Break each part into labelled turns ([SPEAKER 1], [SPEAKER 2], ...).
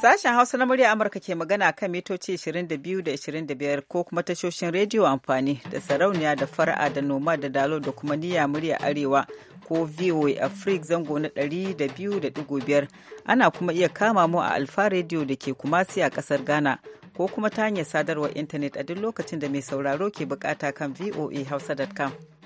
[SPEAKER 1] Sashen Hausa na murya Amurka ke magana kan mitoci 22 da 25 ko kuma tashoshin rediyo amfani da sarauniya da fara'a da noma da dalo da kuma niyya murya arewa ko VOA afrik zango na 200.5 ana kuma iya kama mu a Alfa rediyo da ke kumasi a kasar Ghana ko kuma ta hanyar sadarwar intanet a duk lokacin da mai sauraro ke bukata kan voa voahausa.com.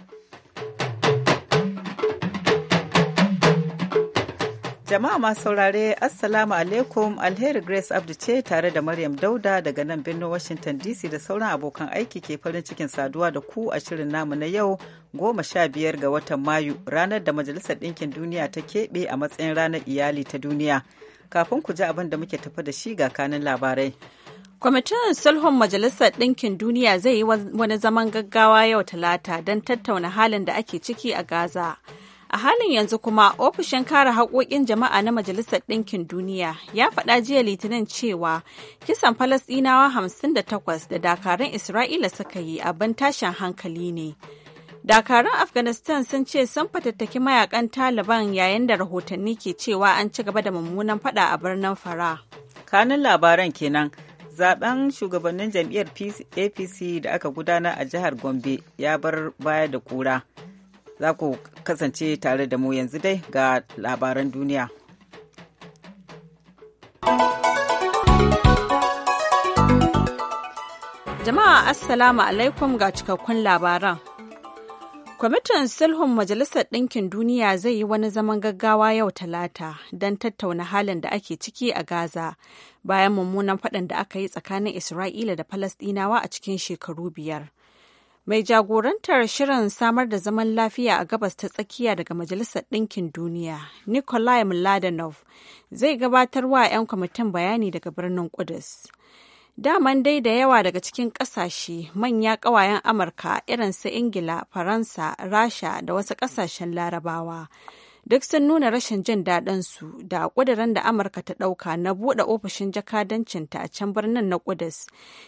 [SPEAKER 1] Jama'a masu saurare Assalamu alaikum Alheri Grace Abdu ce tare da Maryam Dauda daga nan birnin Washington DC da sauran abokan aiki ke farin cikin saduwa da ku a shirin namu na yau goma sha biyar ga watan Mayu ranar da Majalisar Ɗinkin Duniya ta keɓe a matsayin ranar iyali ta duniya. Kafin ku ji abin da muke tafi da shi ga kanin labarai. Kwamitin sulhun Majalisar
[SPEAKER 2] Ɗinkin Duniya zai yi wani zaman gaggawa yau Talata don tattauna halin da ake ciki a Gaza. A halin yanzu kuma ofishin kare haƙoƙin jama'a na Majalisar Ɗinkin Duniya ya faɗa jiya Litinin cewa kisan Falasɗinawa 58 da dakarun Isra'ila suka yi abin tashin hankali ne. Dakarun Afghanistan sun ce sun fatattaki mayakan Taliban yayin da rahotanni ke cewa an ci gaba da mummunan
[SPEAKER 1] faɗa a birnin Fara. Kanin labaran kenan. zaben shugabannin jam'iyyar apc da aka gudana a jihar gombe ya bar baya da kura za ku kasance tare da mu yanzu dai ga labaran duniya.
[SPEAKER 2] Jama'a Assalamu alaikum ga cikakkun labaran. Kwamitin sulhun Majalisar Ɗinkin Duniya zai yi wani zaman gaggawa yau Talata don tattauna halin da ake ciki a Gaza bayan mummunan faɗin da aka yi tsakanin Isra'ila da Falasɗinawa a cikin shekaru biyar. mai jagorantar shirin samar da zaman lafiya a gabas ta tsakiya daga majalisar ɗinkin duniya nikolai mladenov zai gabatar wa 'yan kwamitin bayani daga birnin kudus daman dai da yawa daga cikin ƙasashe manya ƙawayen amurka irin su ingila faransa rasha da wasu ƙasashen larabawa duk sun nuna rashin jin daɗinsu da ƙudurin da amurka ta ɗauka na buɗe ofishin jakadancinta a can birnin na ƙudus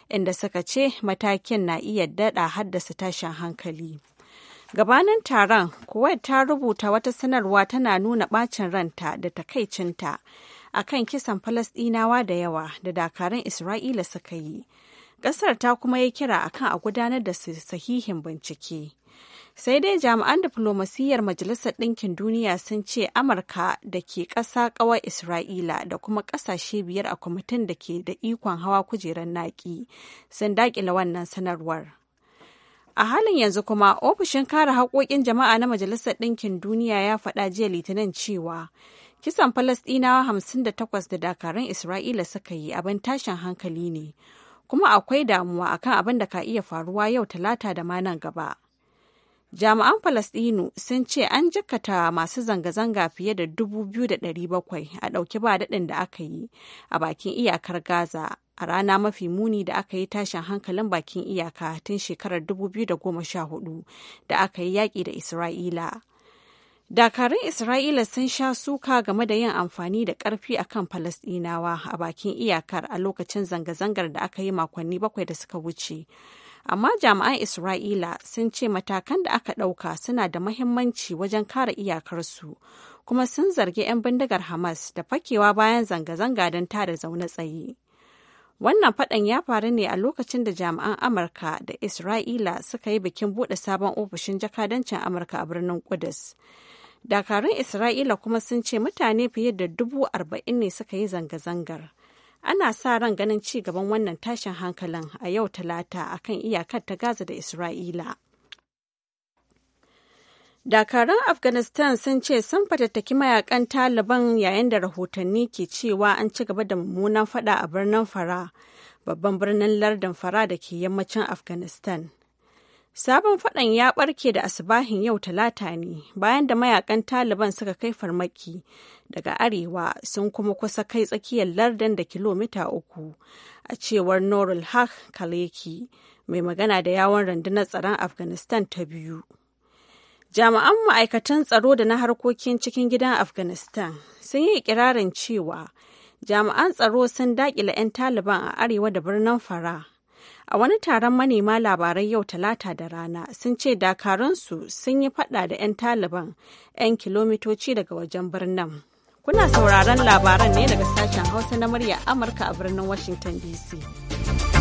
[SPEAKER 2] inda suka ce matakin na iya daɗa haddasa tashin hankali gabanin taron kuwait ta rubuta wata sanarwa tana nuna ɓacin ranta da takaicinta a kan kisan falasɗinawa da yawa da dakarun isra'ila suka yi ƙasar ta kuma yi kira akan a gudanar da sahihin bincike sai dai jami'an diflomasiyyar majalisar ɗinkin duniya sun ce amurka da ke ƙasa ƙawar isra'ila da kuma ƙasashe biyar a kwamitin da ke da ikon hawa kujerar naƙi sun daƙila wannan sanarwar a halin yanzu kuma ofishin kare haƙoƙin jama'a na majalisar ɗinkin duniya ya faɗa jiya litinin cewa kisan falasɗinawa 58 da dakarun isra'ila suka yi abin tashin hankali ne kuma akwai damuwa akan abin da ka iya faruwa yau talata da ma nan gaba jami'an falasɗinu sun ce an jikkata masu zanga-zanga fiye da 2,700 a ɗauki ba daɗin da aka yi a bakin iyakar gaza a rana mafi muni da aka yi tashin hankalin bakin iyaka tun shekarar 2014 da aka yi yaƙi da isra'ila dakarun isra'ila sun sha suka game da yin amfani da ƙarfi kan falasɗinawa a bakin iyakar a lokacin zanga-zangar da aka yi makonni bakwai da suka wuce amma jami'an isra'ila sun ce matakan da aka ɗauka suna da mahimmanci wajen kare iyakarsu kuma sun zargi 'yan bindigar hamas da fakewa bayan zanga-zanga don tada zaune tsaye wannan faɗan ya faru ne a lokacin da jami'an amurka da isra'ila suka yi bikin buɗe sabon ofishin jakadancin amurka a birnin kudus dakarun isra'ila kuma sun ce mutane fiye da dubu arba'in ne suka yi zanga-zangar ana sa ran ganin ci gaban wannan tashin hankalin a yau talata a kan iyakar ta gaza da isra'ila Dakaran Afghanistan sun ce sun fatattaki mayakan Taliban yayin da rahotanni ke cewa an ci gaba da mummunan fada a birnin Fara, babban birnin lardin Fara da ke yammacin Afghanistan. Sabon faɗan ya ɓarke da asibahin yau talata ne bayan da mayakan Taliban suka kai farmaki daga arewa sun kuma kusa kai tsakiyar lardin da kilomita uku a cewar Norul Haq Kaleki mai magana da yawon rundunar tsaron Afghanistan ta biyu. Jami'an ma'aikatan tsaro da na harkokin cikin gidan Afghanistan sun yi ikirarin cewa jami'an tsaro sun daƙile 'yan Taliban a arewa da birnin fara. A wani taron manema labarai yau talata da rana sun ce dakaransu sun yi fada da 'yan taliban 'yan kilomitoci daga wajen birnin. Kuna sauraron labaran ne daga sashen Hausa na murya Amurka a birnin Washington DC.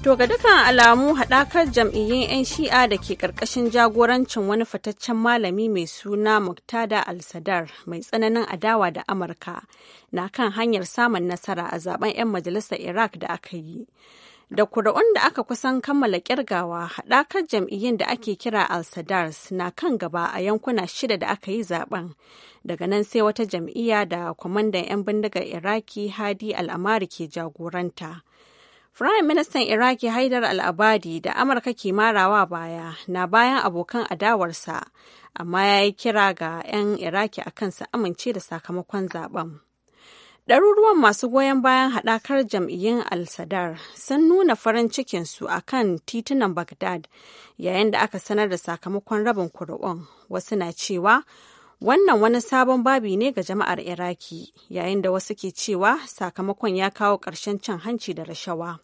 [SPEAKER 2] To ga dukkan alamu haɗakar jam'iyyun 'yan shi'a da ke ƙarƙashin jagorancin wani fitaccen malami mai suna Muktada Al-Sadar mai tsananin adawa da Amurka na kan hanyar samun nasara a zaben 'yan majalisar Iraq da aka yi. Da kuri'un da aka kusan kammala ƙirgawa, haɗakar jam'iyyun da ake kira Al-Sadars na kan gaba a yankuna shida da aka yi zaben. Daga nan sai wata jam'iyya da kwamandan 'yan bindigar Iraki Hadi Al-Amari ke jagoranta. Firayim Ministan Iraki Haidar Al-Abadi da Amurka ke marawa baya na bayan abokan adawarsa, amma ya yi kira ga 'yan Iraki a kansa amince da sakamakon zaben. Ɗaruruwan masu goyon bayan haɗakar jam'iyyun Al-Sadar sun nuna farin cikinsu a kan titunan Baghdad yayin da aka sanar da sakamakon rabin kuri'un, wasu na cewa Wannan wani sabon babi ne ga jama'ar Iraki yayin da wasu ke cewa sakamakon ya kawo ƙarshen cin hanci da rashawa.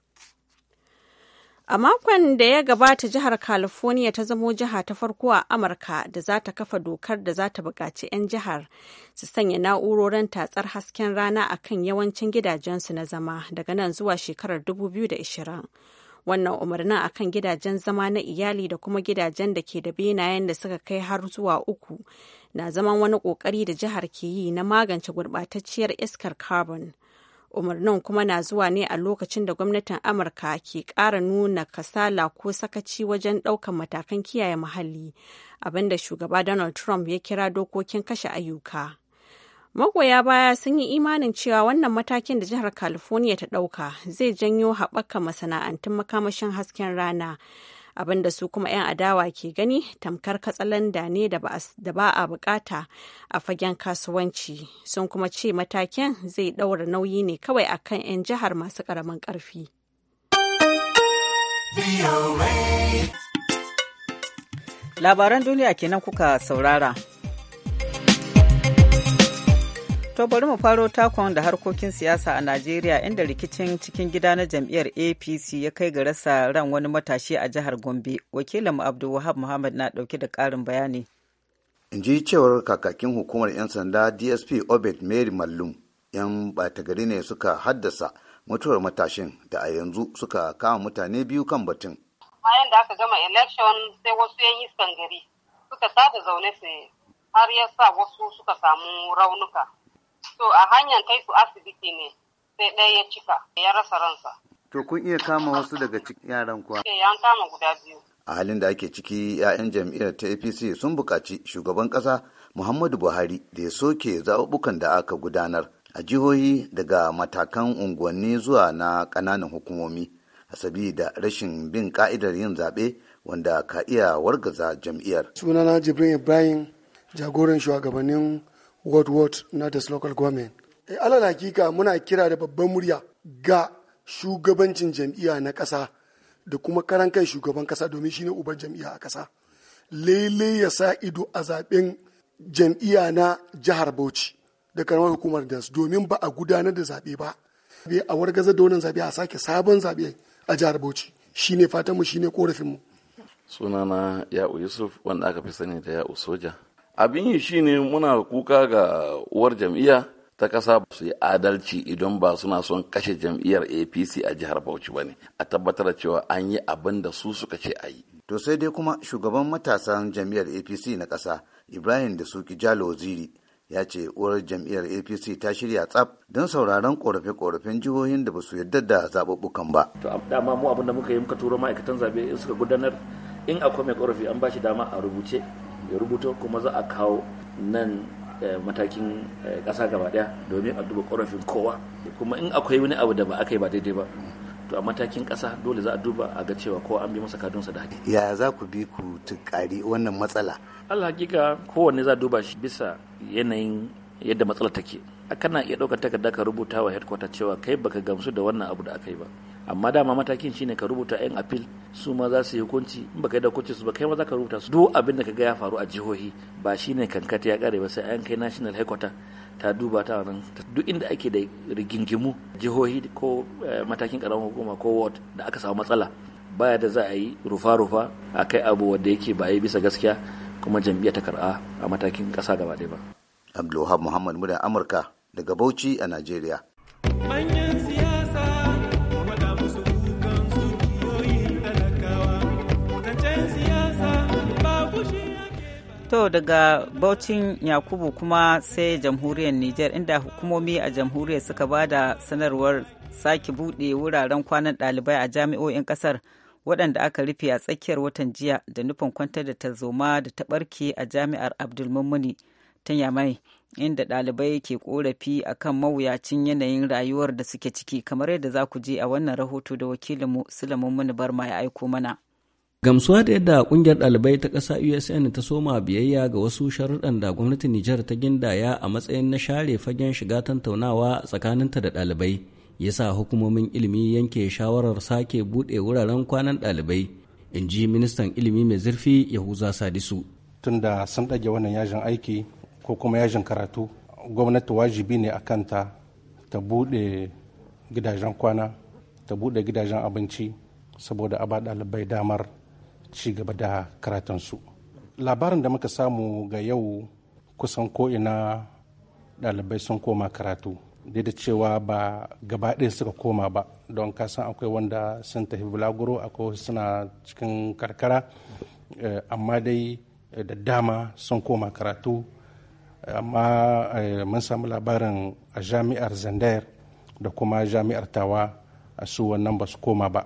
[SPEAKER 2] A makon da ya gabata jihar California ta zamo jiha ta farko a Amurka da za ta kafa dokar da za ta buƙaci 'yan jihar su sanya na'urorin tatsar hasken rana a kan yawancin gidajensu na zama daga nan zuwa shekarar 2020. Wannan umarnin a kan gidajen zama na iyali da kuma gidajen da ke da benayen da suka kai har zuwa uku na zaman wani ƙoƙari da jihar ke yi na magance gurɓatacciyar iskar carbon. Umarnin kuma na zuwa ne a lokacin da gwamnatin Amurka ke ƙara nuna kasala ko sakaci wajen ɗaukan matakan kiyaye muhalli, abinda shugaba Donald Trump ya kira dokokin kashe ayyuka. Magoya baya sun yi imanin cewa wannan matakin da jihar California ta ɗauka zai janyo haɓaka masana'antun makamashin hasken rana abinda su kuma 'yan adawa ke gani tamkar katsalanda ne da ba a bukata a fagen kasuwanci sun kuma ce matakin zai ɗaura nauyi ne kawai akan 'yan jihar masu ƙaramin ƙarfi.
[SPEAKER 1] Labaran duniya kenan kuka saurara. To bari mu faro takon da harkokin siyasa a Najeriya inda rikicin cikin gida na jam'iyyar APC ya kai ga rasa ran wani matashi a jihar Gombe. Wakilinmu Abdul Wahab Muhammad na dauke da karin bayani.
[SPEAKER 3] In ji cewar kakakin hukumar 'yan sanda DSP Obed Mary Mallum 'yan ɓata gari ne suka haddasa mutuwar matashin da a yanzu suka kama mutane biyu kan batun.
[SPEAKER 1] Bayan da aka gama election sai wasu 'yan iskan gari suka tada zaune sai har ya sa wasu suka samu raunuka. To a hanyar
[SPEAKER 4] kai su asibiti ne sai ɗaya ya cika ya rasa ransa.
[SPEAKER 3] To kun iya kama wasu daga cikin yaran kuwa? ke
[SPEAKER 4] eh, ya kama guda biyu.
[SPEAKER 3] A halin da ake ciki 'ya'yan jam'iyyar ta APC sun buƙaci shugaban ƙasa Muhammadu Buhari da ya soke zaɓuɓɓukan da aka gudanar a jihohi daga matakan unguwanni zuwa na ƙananan hukumomi. Asabi da rashin bin ka'idar yin zaɓe wanda ka iya wargaza jam'iyyar.
[SPEAKER 5] Sunana Jibrin Ibrahim jagoran shugabannin ward ward na this local government eh, alal hakika muna kira da babban murya ga shugabancin jam'iyya na ƙasa da kuma karan kai shugaban ƙasa domin shine uban jam'iyya a ƙasa lele ya sa ido a zaben jam'iyya na jihar bauchi da karamar hukumar das domin ba a gudanar da zaɓe ba a wargaza da wannan zaɓe a sake sabon zaɓe a jihar bauchi shine fatanmu shine korafinmu
[SPEAKER 6] sunana ya'u yusuf wanda aka fi sani da ya'u soja abin yi ne muna kuka ga uwar jam'iyya ta kasa su yi adalci idan ba suna son kashe jam'iyyar apc a jihar bauchi ba ne a tabbatar
[SPEAKER 3] cewa an yi abin da su suka ce a yi to sai dai kuma shugaban matasan jam'iyyar apc na ƙasa ibrahim da suki jalo ziri ya ce uwar jam'iyyar apc ta shirya tsaf don sauraron korafe-korafen jihohin da ba su yarda da zaɓuɓɓukan ba to dama mu abin da
[SPEAKER 7] muka yi muka turo ma'aikatan zaɓe in suka gudanar in akwai mai korafi an ba shi dama a rubuce ya rubuta kuma za a kawo nan eh, matakin eh, ƙasa gaba ɗaya domin a duba ƙorafin kowa kuma in akwai wani abu da ba aka yi ba daidai ba to a matakin ƙasa dole za a duba a ga cewa kowa an bi masa kadunsa da haƙi
[SPEAKER 3] ya za ku bi ku tukari wannan matsala
[SPEAKER 7] allah hakika kowanne za a duba shi bisa yanayin yadda matsalar take kana iya ɗaukar takarda ka rubuta wa headquarter cewa kai baka gamsu da wannan abu da aka yi ba amma dama matakin shine ka rubuta yan apil su ma za su yi hukunci in baka yi da hukunci su ba kai ma za ka rubuta su duk abin da ka ga ya faru a jihohi ba shine kankata ya kare ba sai an kai national headquarter ta duba ta nan duk inda ake da rigingimu jihohi ko eh, matakin karamar hukuma ko ward da aka samu matsala baya da za a yi rufa-rufa a kai abu wanda yake ba yi bisa gaskiya kuma jam'iyyar
[SPEAKER 3] ta kar'a a matakin ƙasa gaba ɗaya ba. Abdulwahab Muhammad Muda Amurka daga Bauchi a Najeriya.
[SPEAKER 1] To daga Bautin Yakubu kuma sai jamhuriyar Nijar inda hukumomi a jamhuriyar suka ba da sanarwar sake buɗe wuraren kwanan ɗalibai a jami'o'in ƙasar waɗanda aka rufe a tsakiyar watan jiya da nufin kwantar da tarzoma da ta ɓarke a jami'ar Abdulmumuni ta Yamai inda ɗalibai ke ƙorafi kan mawuyacin yanayin rayuwar da suke ciki kamar yadda za ku je a wannan rahoto da wakilinmu Sulaiman Muni Barma ya aiko mana.
[SPEAKER 7] gamsuwa da yadda kungiyar dalibai ta ƙasa usn ta soma biyayya ga wasu sharuɗan da gwamnatin nijar ta gindaya a matsayin na share fagen shiga tattaunawa tsakaninta da ɗalibai ya sa hukumomin ilimi yanke shawarar sake buɗe wuraren
[SPEAKER 6] kwanan ɗalibai in ji ministan ilimi mai zurfi yahuza sadisu tun da sun ɗage wannan yajin aiki ko kuma yajin karatu gwamnati wajibi ne a kanta ta buɗe gidajen kwana ta buɗe gidajen abinci saboda a ba ɗalibai damar ci gaba da karatunsu labarin da muka samu ga yau kusan ko'ina ɗalibai sun koma karatu dai da cewa ba gaba ɗaya suka koma ba don kasan akwai wanda sun tafi bulaguro akwai suna cikin karkara eh, amma dai da dama sun koma karatu amma eh, mun samu labarin a jami'ar zandayar da kuma jami'ar tawa a su wannan ba su koma ba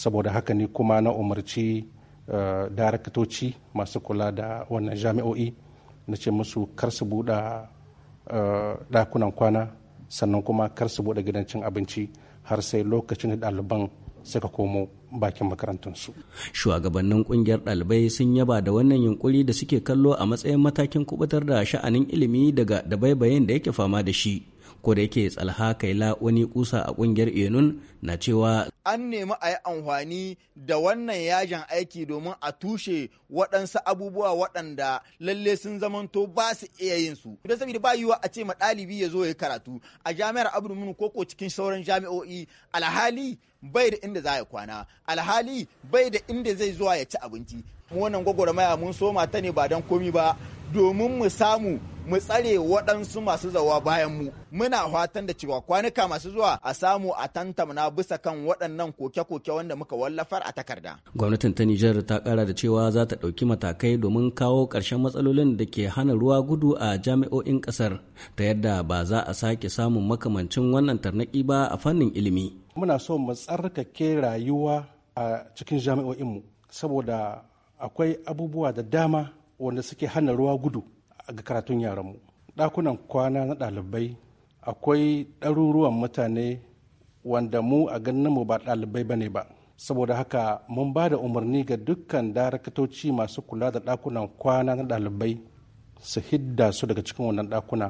[SPEAKER 6] saboda haka ne kuma na umarci Eh, daraktoci masu kula da wannan jami'o'i na ce musu kar su buɗe eh, ɗakunan kwana sannan kuma kar su buɗe gidan cin abinci har sai lokacin da ɗaliban suka komo bakin makarantunsu.
[SPEAKER 7] Shugabannin kungiyar ɗalibai sun yaba da wannan yunkuri da suke kallo a matsayin matakin kubutar da sha'anin ilimi daga dabaibayin da yake fama da shi. ko da yake tsalha kaila wani kusa a kungiyar enun na cewa
[SPEAKER 3] an nemi a yi amfani da wannan yajin aiki domin a tushe waɗansu abubuwa waɗanda lalle sun zamanto ba su iya yin su don saboda ba yiwa a ce ma ɗalibi ya zo ya karatu a jami'ar abdulmunu koko cikin sauran jami'o'i alhali bai da inda za ya kwana alhali bai da inda zai zuwa ya ci abinci mu wannan gwagwarmaya mun soma ta ne ba don komi ba domin mu samu mu tsare waɗansu masu zawa bayan mu muna fatan da cewa kwanuka masu zuwa a samu a tantamna bisa kan waɗannan koke-koke wanda muka wallafar a
[SPEAKER 7] takarda. Gwamnatin ta Nijar ta ƙara da cewa za ta ɗauki matakai domin kawo ƙarshen matsalolin da ke hana ruwa gudu a jami'o'in ƙasar ta yadda ba za a sake samun makamancin wannan tarnaki ba a fannin ilimi.
[SPEAKER 6] Muna so mu tsarkake rayuwa a cikin jami'o'inmu saboda akwai abubuwa da dama wanda suke hana ruwa gudu ga karatun yaranmu ɗakunan kwana na ɗalibai akwai ɗaruruwan mutane wanda mu a mu ba ɗalibai ba ne ba saboda haka mun ba da umarni ga dukkan darakatoci masu kula da ɗakunan kwana na ɗalibai su hidda su daga cikin wannan ɗakuna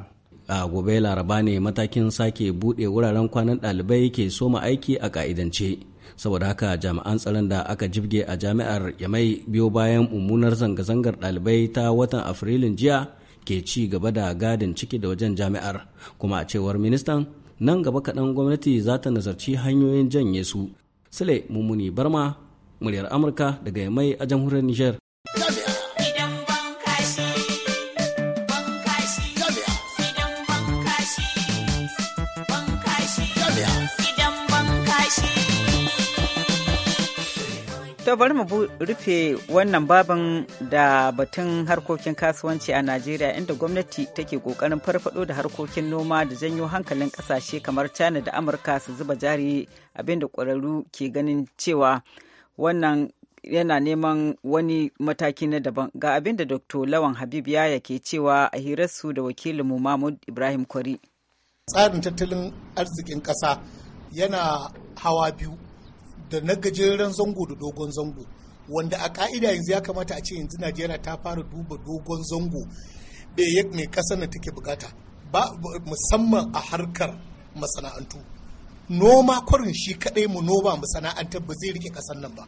[SPEAKER 7] a gobe laraba ne matakin sake buɗe wuraren kwanan ɗalibai ke soma aiki a ƙa'idance saboda haka jami'an tsaron da aka jibge a jami'ar yamai biyo bayan mummunar zanga-zangar ɗalibai ta watan afrilun jiya ke ci gaba da gadin ciki da wajen jami'ar kuma a cewar ministan nan gaba kaɗan gwamnati za ta nazarci hanyoyin janye su sule mummuni barma muryar amurka daga yamai a jamhuriyar niger
[SPEAKER 1] To bari mu rufe wannan babin da batun harkokin kasuwanci a Najeriya inda gwamnati take kokarin farfado da harkokin noma da janyo hankalin kasashe kamar China da Amurka su zuba jari abinda ƙwararru ke ganin cewa wannan yana neman wani mataki na daban ga abinda Dr. Lawan Habib Yaya ke cewa a hirarsu da wakilin mu Mahmud Ibrahim Kwari. Tsarin tattalin
[SPEAKER 5] arzikin ƙasa yana hawa biyu da na gajeren zango da dogon zango wanda a ka'ida yanzu ya kamata a ce yanzu najeriya ta fara duba dogon zango mai kasar da take bukata ba musamman a harkar masana'antu noma kwarin shi kadai mu noma masana'antar ba zai rike kasar nan ba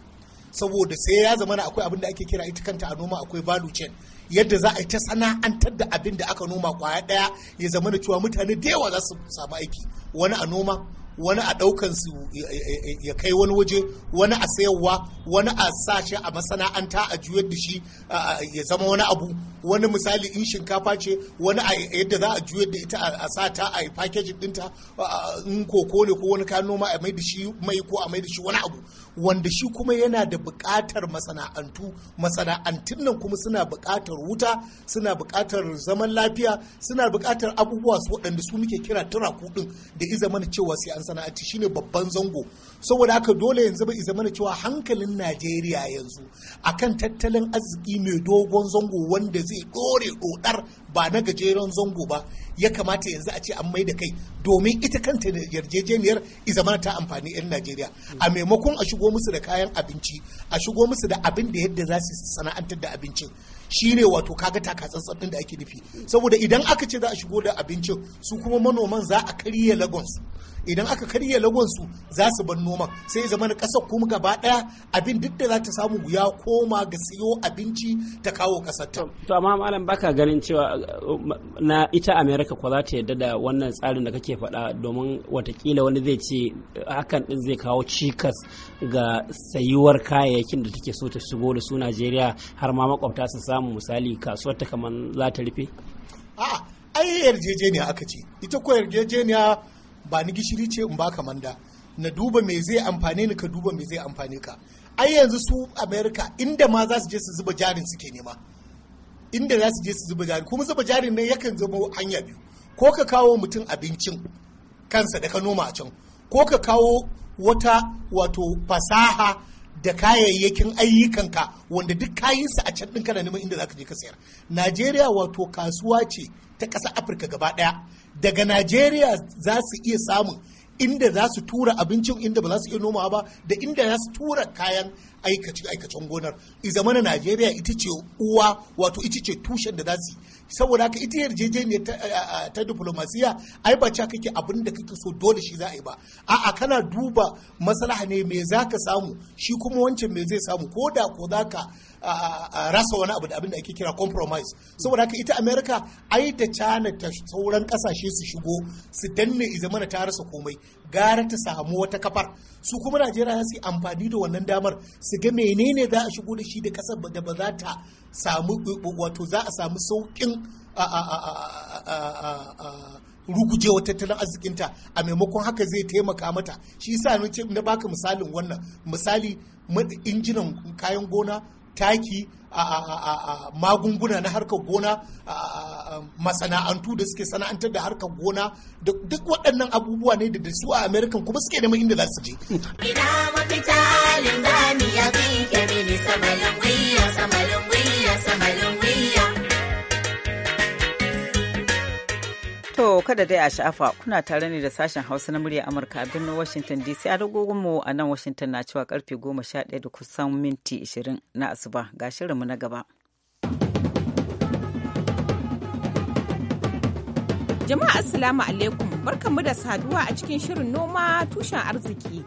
[SPEAKER 5] saboda sai ya zama na akwai abin da ake kira ita kanta a noma akwai value chain yadda za a yi ta sana'antar da abin da aka noma kwaya daya ya zama da cewa mutane da yawa za su samu aiki wani a noma wani a ɗaukan su ya kai wani waje wani a sayarwa wani a sa shi a masana'anta a juyar da shi ya zama wani abu wani misali in shinkafa ce wani a yadda za a juyar da ita a sa ta a packaging dinta in koko ne ko wani kayan noma a mai da shi mai ko a mai da shi wani abu wanda shi kuma yana da buƙatar masana'antu masana'antun nan kuma suna buƙatar wuta suna buƙatar zaman lafiya suna buƙatar abubuwa su waɗanda su muke kira tura kuɗin da i zamana cewa sai an sana'anci shine babban zango saboda haka dole yanzu ba i zamana cewa hankalin najeriya yanzu akan tattalin arziki mai dogon zango wanda zai ɗore ɗodar ba na gajeren zango ba ya kamata yanzu a ce an mai da kai domin ita kanta da yarjejeniyar izamana ta amfani 'yan najeriya a maimakon a shigo musu da kayan abinci a shigo musu da abin da yadda za su sana'antar da abincin shine wato kaga taka din da ake nufi saboda idan aka ce za a shigo da abincin su kuma manoman za a karye lagos idan aka karya lagonsu za su ban noma sai zama na ƙasar kuma gaba ɗaya abin duk da za ta samu ya koma ga siyo abinci ta kawo ƙasar ta. to amma malam
[SPEAKER 7] baka ganin cewa na ita america ko za ta yarda da wannan tsarin da kake faɗa domin watakila wani zai ce hakan ɗin zai kawo cikas ga sayuwar kayayyakin da take so ta shigo da su najeriya har ma makwabta su samu misali kasuwar ta kamar za ta rufe.
[SPEAKER 5] a'a ai yarjejeniya aka ce ita ko yarjejeniya ba ni gishiri ce in baka manda na duba me zai amfane ni ka duba me zai amfane ka ai yanzu su america inda ma za su je su zuba jarin suke nema inda za su je su zuba jari kuma zuba jarin nan yakan zama hanya biyu ko ka kawo mutum abincin kansa da ka noma a can ko ka kawo wata wato fasaha da kayayyakin ayyukanka wanda duk kayansa a can din kana neman inda za ka je ka sayar najeriya wato kasuwa ce ta ƙasa afirka gaba ɗaya daga najeriya za su iya samun inda za su tura abincin inda ba za su iya nomawa ba da inda za su tura kayan aikacin gonar i zamana najeriya ita ce uwa wato ita ce tushen da za su saboda haka ita yarjejeniyar ta diplomasiya ai ba ca kake abin da kake so dole shi za a yi ba a'a kana duba maslaha ne me za ka samu shi kuma wancan me zai samu ko da ko za ka rasa wani abu da abin da ake kira compromise saboda haka ita america ai da cana ta sauran kasashe su shigo su danne izamana ta rasa komai gara ta samu wata kafar su kuma najeriya za su amfani da wannan damar su ga menene za a shigo da shi da kasar da ba za ta samu wato za a samu sauƙin rugujewa tattalin arzikinta a maimakon haka zai taimaka mata shi yasa na na baka misalin wannan misali injinan kayan gona taki magunguna na harkar gona masana'antu da suke sana'antar da harkar gona duk waɗannan abubuwa ne da su a american kuma suke neman inda za su je
[SPEAKER 8] ya fi
[SPEAKER 1] kada dai a sha'afa kuna tare ne da sashen hausa na murya amurka a birnin washington dc a mu a nan washington na cewa karfe 11 da kusan minti 20 na asuba ga shirinmu na gaba
[SPEAKER 8] jama'a assalamu alaikum barkanmu da saduwa a cikin shirin noma tushen arziki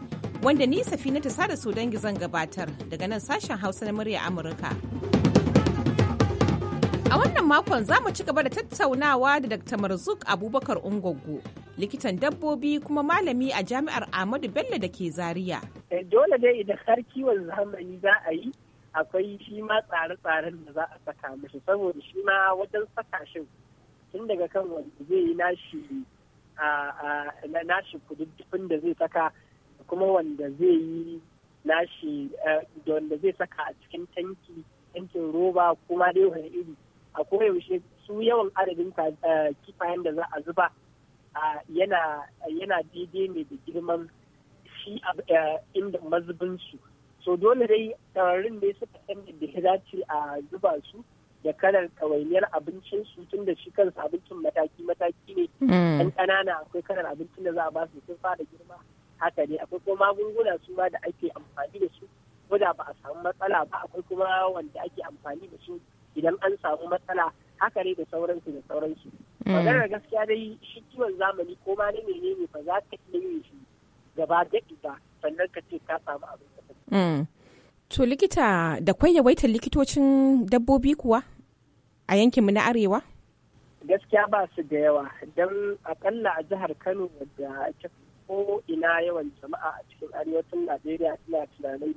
[SPEAKER 8] wanda ni safina ta sada su dangi zan gabatar daga nan sashen hausa na murya amurka A wannan makon za mu ci gaba da tattaunawa da Dr. Marzuk Abubakar Ungogo, likitan dabbobi kuma malami a jami'ar Ahmadu Bello da ke Zaria.
[SPEAKER 4] Eh, dole dai idan har kiwon zamani za a yi, akwai shi ma tsare-tsaren da za a saka mashi saboda shi ma wajen saka shi tun daga kan wanda zai yi nashi nashi kududdufin da zai saka kuma wanda zai yi nashi eh, da wanda zai saka a cikin tanki tankin roba kuma dai wani iri a koyaushe su yawan adadin eh, kifayen da za a zuba yana daidai ne da girman shi eh, inda mazubinsu so dole dai tararin dai suka canza da ya dace a zuba su da kalar ɗawainiyar abincin su tun da shi kansa abincin mataki-mataki ne ɗan mm. ƙanana akwai kalar abincin da za a ba su sun fara girma haka ne akwai kuma magunguna su ma da ake amfani da su ko da ba a samu matsala ba akwai kuma wanda ake amfani da su idan an samu matsala haka ne da sauransu da sauransu mm. Magana gaskiya dai shi kiwon zamani ko ma ne ne ba za ka iya yin shi gaba da ba sannan ka ce ka samu abin da
[SPEAKER 8] mm. to likita da kwai waitar likitocin dabbobi kuwa a yankinmu na arewa
[SPEAKER 4] gaskiya ba su da yawa don akalla a jihar kano wadda ko ina yawan jama'a a cikin arewacin najeriya suna tunanin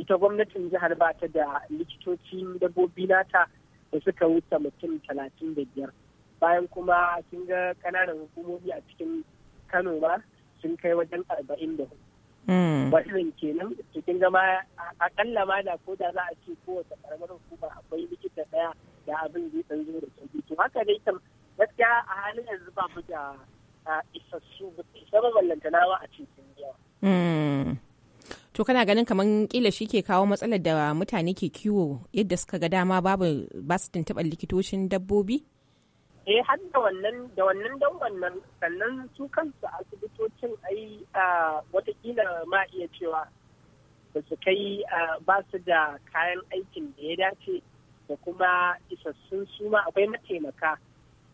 [SPEAKER 4] ita gwamnatin jihar ba ta da likitocin dabbobi nata da suka wuce mutum talatin da biyar bayan kuma kin ga kananan hukumomi a cikin kano ba sun kai wajen arba'in da waɗannan hmm. kenan cikin gama akalla ma da ko da za a ce kowace karamar hukuma akwai likita ɗaya da abin zai ɗan zo da sauki to haka dai kam gaskiya a halin yanzu ba mu da ah, isassu ba sai a cikin
[SPEAKER 8] yawa. to kana ganin kamar kila shi ke kawo matsalar da mutane ke kiwo yadda suka ga dama babu ba su tuntuɓar likitocin dabbobi
[SPEAKER 4] eh har da wannan da wannan dan wannan sannan su kansu asibitocin ai watakila ma iya cewa da su kai ba su da kayan aikin da ya dace da kuma isassun suma akwai mataimaka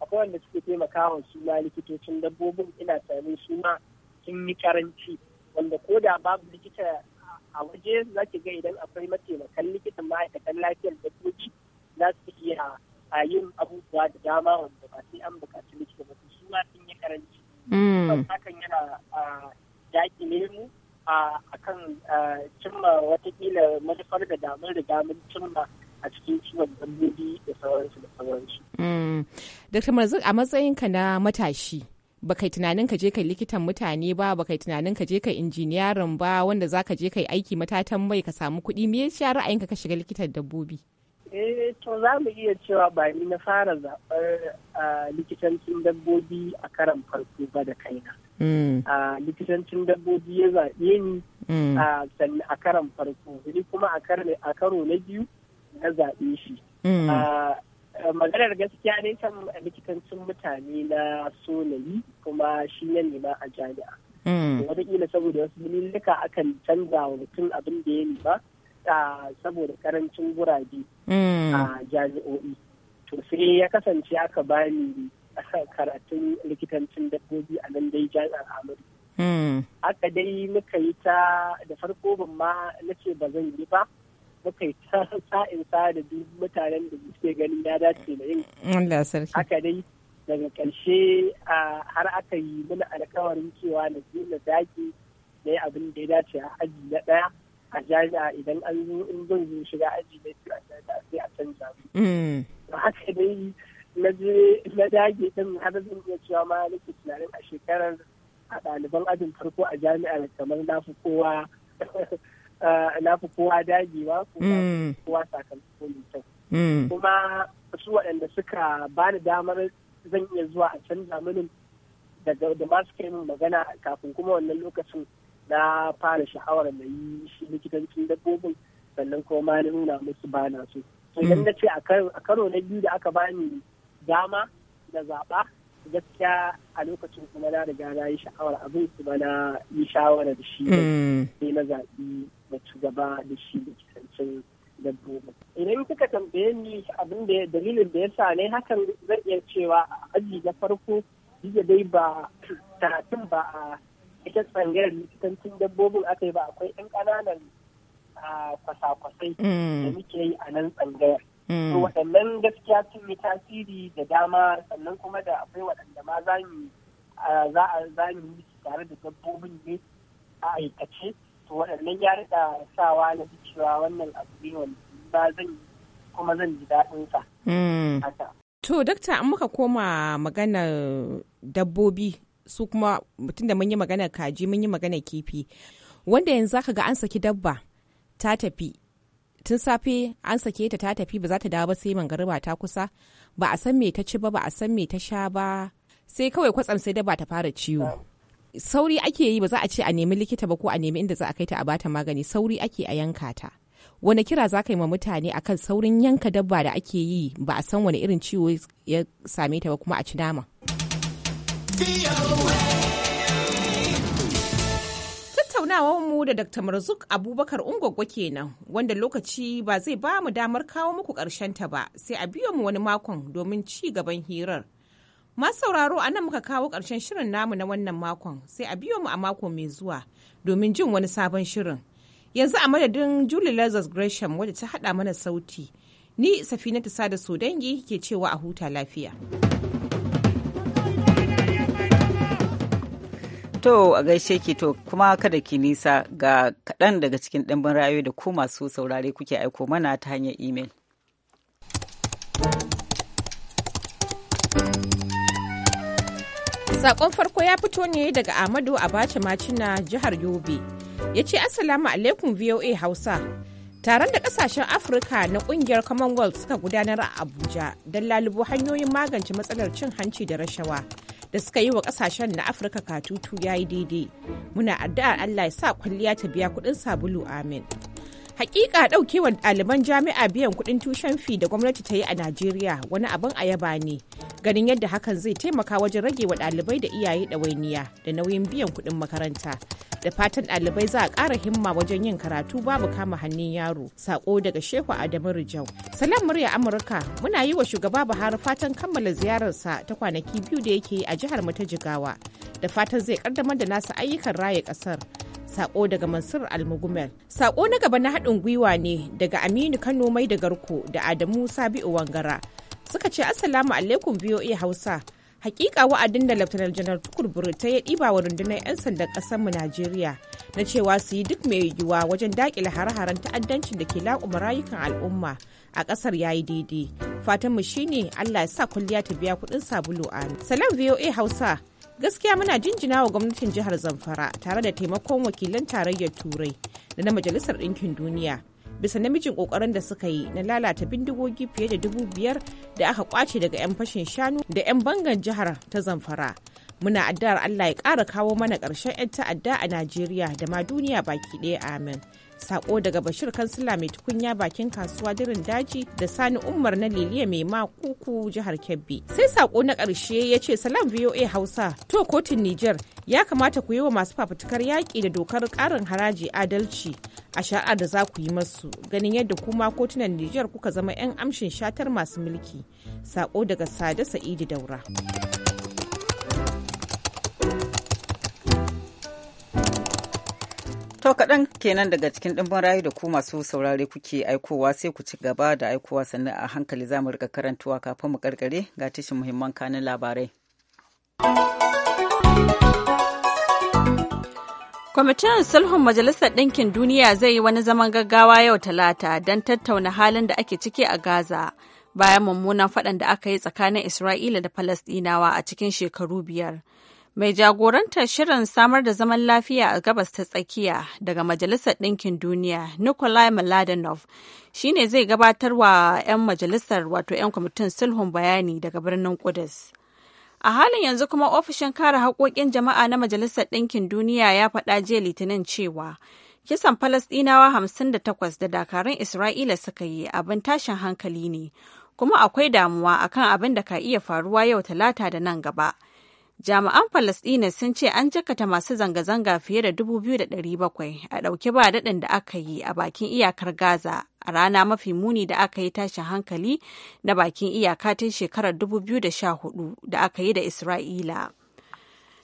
[SPEAKER 4] akwai wanda suke taimakawa su ma likitocin dabbobin ina tsaye suma ma sun yi karanci wanda ko da babu likita a waje za ki ga idan akwai mataimakan likita ma'aikatan lafiyar dabbobi za su iya a yin abubuwa da dama wanda ba sai an bukaci likita ba su ma sun yi karanci. Hmm. Hakan yana daƙi ne mu a kan cimma watakila manufar da damar da damar cimma a cikin ciwon dabbobi da sauransu da sauransu.
[SPEAKER 8] Hmm. Dr. Marzuk a matsayinka na matashi ba kai tunanin ka je kai likitan mutane ba ba kai tunanin ka je kai injiniyarin ba wanda za ka je kai aiki matatan mai ka samu kuɗi me ya sha ra'ayinka ka shiga likitan dabbobi
[SPEAKER 4] eh to za mu iya cewa ba ni na fara zaɓar likitancin dabbobi a karan farko ba da kaina hmm. likitancin dabbobi ya zaɓe ni hmm. a karan farko ni kuma a karo na biyu na zaɓe shi hmm. Eh, maganar gaskiya ne kan likitancin mutane na so kuma shi ne nema a jami'a
[SPEAKER 5] hmm. wataƙila
[SPEAKER 4] saboda wasu dalilika akan canza wa mutum abin da ya nema saboda karancin gurabe hmm. a jami'o'i to sai ya kasance aka bani karatun likitancin dabbobi a nan dai jami'ar amadu hmm. aka dai muka yi ta da farko ban ma na ba zan yi ba muka sa'in sa da duk mutanen da suke ganin ya dace da yin haka dai daga ƙarshe har aka yi mana alkawarin cewa na je na dage na abin da ya dace a aji na ɗaya a jami'a idan an zo in zan zo shiga aji na biyu a jami'a sai a canza mu. Mm. haka dai na je na dage din har zan iya cewa ma nake tunanin a shekarar a ɗaliban ajin farko a jami'ar kamar na fi kowa Eh, na fi kowa dagewa mm. kowa sakamako kyau mm. kuma su waɗanda suka bani damar zan iya zuwa a canza minin daga da masu kai min magana kafin kuma wannan lokacin na fara sha'awar da yi shi likitancin dabbobin sannan kuma na nuna musu bana su Sai idan mm. na ce a karo na biyu da aka bani dama da zaɓa gaskiya a lokacin kuma na riga na yi sha'awar abin kuma na yi shawara da shi ne mm. na zaɓi da shugaba da shi da kisancin dabbobi idan kika tambaye ni abin da dalilin da ya sa ne hakan zan iya cewa aji na farko jiya dai ba karatun ba a ita tsangayar likitancin dabbobin aka yi ba akwai 'yan ƙananan ah, kwasa-kwasai mm. da muke yi a nan tsangayar to mm. waɗannan gaskiya sun yi tasiri da dama sannan kuma da akwai waɗanda ma za mu za mu yi tare da dabbobin ne a aikace to waɗannan ya riƙa sawa na cewa wannan abu ne wanda ba zan kuma zan ji daɗin sa.
[SPEAKER 2] Mm.
[SPEAKER 8] To, dakta an muka koma maganar dabbobi su kuma mutum da mun yi maganar kaji mun yi maganar kifi wanda yanzu zaka ga an saki dabba ta tafi tun safe an sake ta ta tafi ba za ta dawo ba sai mangariba ta kusa ba a san me ta ci ba ba a san me ta sha ba sai kawai kwatsam sai daba ta fara ciwo sauri ake yi ba za a ce a nemi likita ba ko a nemi inda za a kai ta a bata magani sauri ake a yanka ta wani kira za ka yi ma mutane akan saurin yanka dabba da ake yi ba a san wani irin ciwo ya same ta ba kuma a ci nama. mu da Dr. Marzuk Abubakar Ungwaggo kenan wanda lokaci ba zai ba mu damar kawo muku ta ba sai a biyo mu wani makon domin ci gaban hirar. ma sauraro a nan muka kawo ƙarshen shirin namu na wannan makon sai a biyo mu a mako mai zuwa domin jin wani sabon shirin. Yanzu a madadin Julie Lazarus Gresham wadda ta haɗa mana sauti. Ni Safinatu Sada Sodangi ke cewa a huta lafiya.
[SPEAKER 1] To a gaishe ke to kuma kada ki nisa ga kaɗan daga cikin ɗimbin rayuwa da ku masu saurare kuke aiko mana ta hanyar imel.
[SPEAKER 8] Sakon farko ya fito ne daga Amadu Abacha Macina jihar Yobe. Ya ce Assalamu alaikum VOA Hausa. Taron da kasashen Afirka na kungiyar Commonwealth suka gudanar a Abuja don lalubo hanyoyin magance matsalar cin hanci da rashawa. da suka yi wa kasashen na afirka katutu ya yi daidai muna addu'ar allah ya sa kwalliya ta biya kudin sabulu amin Hakika daukewar ɗaliban jami'a biyan kuɗin tushen fi da gwamnati ta yi a Najeriya wani abin a yaba ne. Ganin yadda hakan zai taimaka wajen rage wa ɗalibai da iyaye ɗawainiya da nauyin biyan kuɗin makaranta. Da fatan ɗalibai za a ƙara himma wajen yin karatu babu kama hannun yaro. Sako daga Shehu Adamu Rijau. Salam murya Amurka muna yi wa shugaba Buhari fatan kammala ziyararsa ta kwanaki biyu da yake yi a jihar mu ta Jigawa. Da fatan zai kaddamar da nasa ayyukan raya ƙasar. Sako daga Mansur Almugumel. Sako na gaba na haɗin gwiwa ne daga Aminu Kano mai da Garko da Adamu Sabi'u Wangara. Suka ce Assalamu alaikum VOA Hausa. Hakika wa'adin da Laftanar Janar Tukur Burta ya ɗiba wa rundunar 'yan sandan ƙasar mu Najeriya na cewa su yi duk mai yiwuwa wajen daƙile hare-haren ta'addancin da ke laƙuma rayukan al'umma a ƙasar ya yi daidai. Fatanmu shine Allah ya sa kulliya ta biya kuɗin sabulu a. Salam VOA Hausa. gaskiya muna jinjina wa gwamnatin jihar zamfara tare da taimakon wakilan tarayyar turai da na majalisar ɗinkin duniya bisa namijin ƙoƙarin da suka yi na lalata bindigogi fiye da dubu biyar da aka kwace daga 'yan fashin shanu da 'yan bangan jihar ta zamfara muna addu'ar allah ya ƙara kawo mana ƙarshen 'yan ta'adda a najeriya da ma duniya baki ɗaya amin Sako daga Bashir Kansila mai tukunya bakin kasuwa dirin daji da Sani Umar na Liliya mai makuku jihar Kebbi. Sai sako na ƙarshe ya ce salam VOA Hausa to kotun Niger ya kamata ku yi wa masu fafutukar yaƙi da dokar ƙarin haraji adalci a sha'a da za ku yi masu ganin yadda kuma kotunan Niger kuka zama 'yan amshin shatar masu mulki. Sako
[SPEAKER 1] daga Sade Sa'idu Daura. To kaɗan kenan daga cikin ɗimbin rayu da ku masu saurare kuke aikowa sai ku ci gaba da aikowa sannan a hankali za mu rika karantuwa kafin mu karkare ga tashin muhimman kanin labarai.
[SPEAKER 2] Kwamitin sulhun Majalisar Ɗinkin Duniya zai yi wani zaman gaggawa yau Talata don tattauna halin da ake ciki a Gaza bayan mummunan faɗan da aka yi tsakanin Isra'ila da Falasɗinawa a cikin shekaru biyar. mai jagorantar shirin samar da zaman lafiya a gabas ta tsakiya daga majalisar ɗinkin duniya nikolai shi shine zai gabatar wa 'yan majalisar wato 'yan kwamitin sulhun bayani daga birnin kudus a halin yanzu kuma ofishin kare haƙoƙin jama'a na majalisar ɗinkin duniya ya faɗa jiya litinin cewa kisan falasɗinawa 58 da dakarun isra'ila suka yi abin tashin hankali ne kuma akwai damuwa akan abin da ka iya faruwa yau talata da nan gaba Jami'an Falasɗina sun ce an jakata masu zanga-zanga fiye da 2,700 a ɗauke ba daɗin da aka yi a bakin iyakar Gaza a rana mafi muni da aka yi tashin hankali na bakin iyaka tun shekarar 2014 da aka yi da Isra'ila.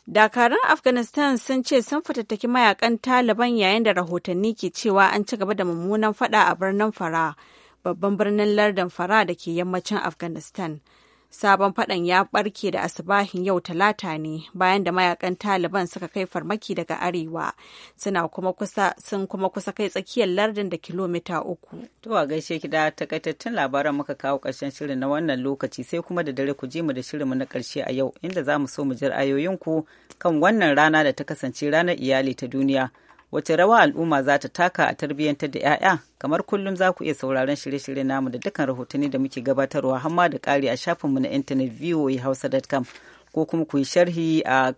[SPEAKER 2] Dakarun Afghanistan sun ce sun fatattaki mayakan Taliban yayin da rahotanni ke cewa an ci gaba da mummunan fada a birnin Fara, babban birnin lardin Fara da ke yammacin Afghanistan. Sabon faɗan ya ɓarke da asibahin yau talata ne bayan da mayakan Taliban suka kai farmaki daga arewa suna kuma kusa sun kuma kusa kai tsakiyar lardin da kilomita uku.
[SPEAKER 1] To a gaishe ki da takaitattun labaran muka kawo karshen shirin na wannan lokaci sai kuma da dare ku je mu da shirinmu na karshe a yau inda za mu so mu ji ra'ayoyinku kan wannan rana da ta kasance ranar iyali ta duniya. wace rawa al'umma za ta taka a tarbiyyantar da 'ya'ya kamar kullum za ku iya sauraron shirye-shirye namu da dukkan rahotanni da muke gabatarwa hamma da ƙari a shafinmu na intanet voahausa.com ko kuma ku yi sharhi a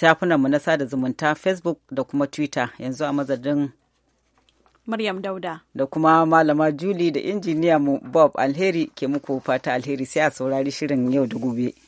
[SPEAKER 1] shafinanmu na sada zumunta facebook da kuma twitter yanzu a mazadin
[SPEAKER 2] Maryam Dauda.
[SPEAKER 1] Da kuma Malama juli da injiniya mu Bob Alheri ke muku fata alheri sai a saurari shirin yau da gobe.